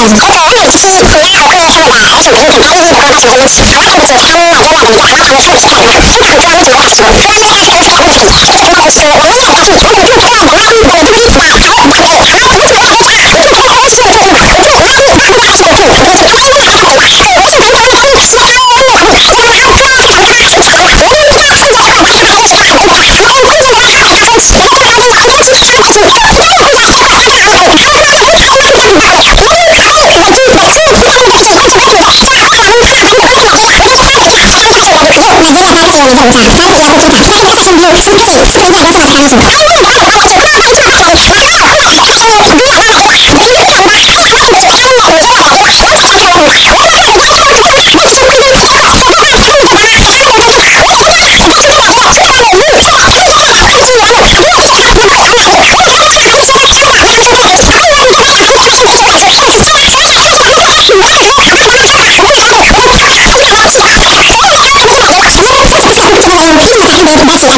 不过，我们只是去拉仇恨而已吧？还是别人太容易的攻击我们武器？我们不接受他们那种攻击，他们不接受马们的攻击。现在我们只有打持久战，我们开始了一切。Yeah.